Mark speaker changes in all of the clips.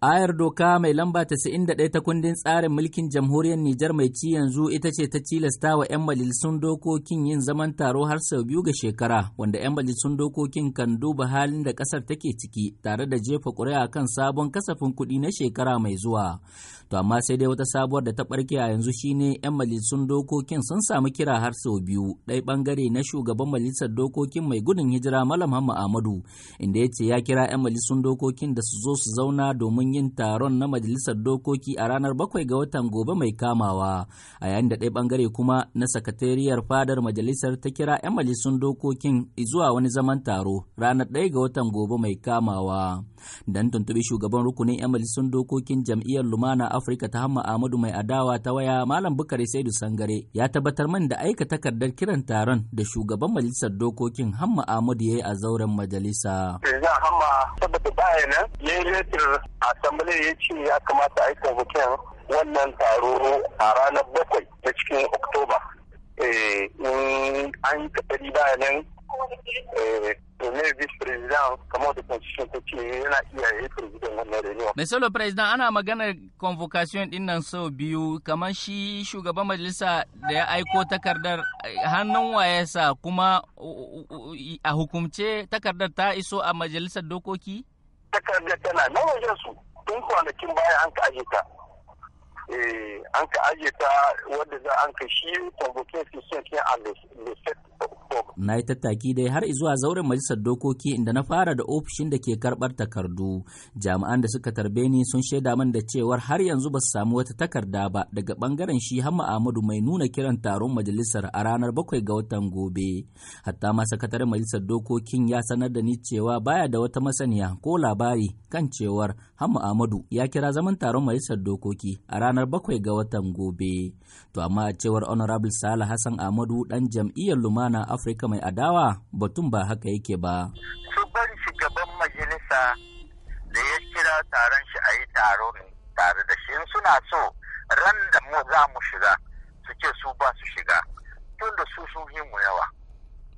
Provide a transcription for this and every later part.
Speaker 1: Ayar doka mai lamba da ɗaya ta kundin tsarin mulkin jamhuriyar Nijar mai ci yanzu ita ce ta tilasta wa 'yan majalisun dokokin yin zaman taro har sau biyu ga shekara, wanda 'yan majalisun dokokin kan duba halin da ƙasar take ciki tare da jefa ƙuri'a kan sabon kasafin kuɗi na shekara mai zuwa. To amma sai dai wata sabuwar da ta ɓarke a yanzu shine 'yan majalisun dokokin sun samu kira har sau biyu, ɗai ɓangare na shugaban majalisar dokokin mai gudun hijira Malam Hamma Ahmadu, inda ya ce ya kira 'yan majalisun dokokin da su zo su zauna domin domin yin taron na majalisar dokoki a ranar bakwai ga watan gobe mai kamawa a yayin da ɗaya bangare kuma na sakatariyar fadar majalisar ta kira 'yan majalisun dokokin zuwa wani zaman taro ranar ɗaya ga watan gobe mai kamawa dan tuntubi shugaban rukunin 'yan majalisun dokokin jam'iyyar lumana afirka ta hamma ahmadu mai adawa ta waya malam bukari saidu sangare ya tabbatar min da aika takardar kiran taron da shugaban majalisar dokokin hamma ahmadu ya yi a zauren majalisa.
Speaker 2: Eh, hamma tabbatar da ya yi a assembly ya ce ya kamata a yi convocation wannan taro a ranar bakwai ta cikin oktoba eh, in an kaɗari bayanin eh, mai vice
Speaker 1: president ana magana convocation din nan sau biyu kamar shi shugaban majalisa da ya aiko takardar hannun wayesa kuma a hukumce takardar ta iso a majalisar dokoki?
Speaker 2: Takardar tana na wajen tun kwanakin baya an ka aje ta eh, an ka aje ta
Speaker 1: wadda za an ka shi convocation session a le 7 na yi tattaki dai har zuwa zauren majalisar dokoki inda na fara da ofishin da ke karɓar takardu jami'an da suka tarbe ni sun shaida min da cewar har yanzu ba su samu wata takarda ba daga bangaren shi hamma ahmadu mai nuna kiran taron majalisar a ranar bakwai ga watan gobe hatta ma sakataren majalisar dokokin ya sanar da ni cewa baya da wata masaniya ko labari kan cewar hamma ahmadu ya kira zaman taron majalisar dokoki a ranar bakwai ga watan gobe to amma a cewar honorable salah hassan ahmadu dan jam'iyyar lumana africa mai adawa batun ba haka yake ba. Su bari shugaban majalisa da ya kira taron shi a yi taro tare da shi suna so ran da mu za mu shiga su ce su ba su shiga tun da su sun yi mu yawa.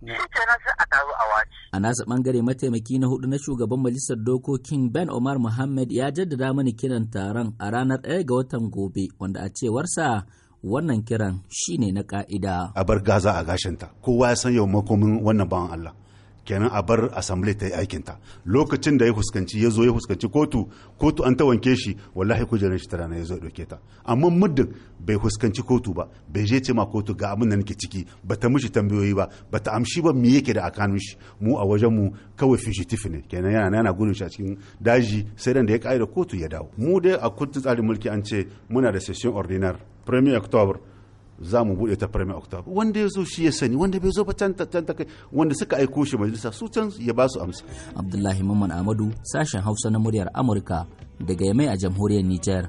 Speaker 1: Mm. Shi nan sai a taro a waci. A nasa bangare mataimaki na hudu na shugaban majalisar dokokin Ben Omar Muhammad ya jaddada mani kiran taron a ranar 1 ga watan gobe wanda a cewarsa wannan kiran
Speaker 2: shine na ka'ida a bar gaza a gashinta kowa ya san yau makomin wannan bawan Allah kenan a bar assembly ta yi aikinta lokacin da ya fuskanci ya zo ya fuskanci kotu kotu an ta wanke shi wallahi kujerar shi tana ya zo ya ɗauke ta amma muddin bai huskanci kotu ba bai je ce ma kotu ga abin da nake ciki ba ta mishi tambayoyi ba ba ta amshi ba me yake da akanun shi mu a wajen mu kawai fugitive ne kenan yana yana gudun shi a cikin daji sai dan da ya ƙa'ida kotu ya dawo mu dai a kotun tsarin mulki an ce muna da session ordinar premier october za mu buɗe ta premier october wanda ya zo shi ya sani wanda bai zo ba can ta kai wanda suka aiko shi majalisa su can ya ba su amsa abdullahi
Speaker 1: mamman amadu sashen hausa na muryar amurka daga yamai a jamhuriyar niger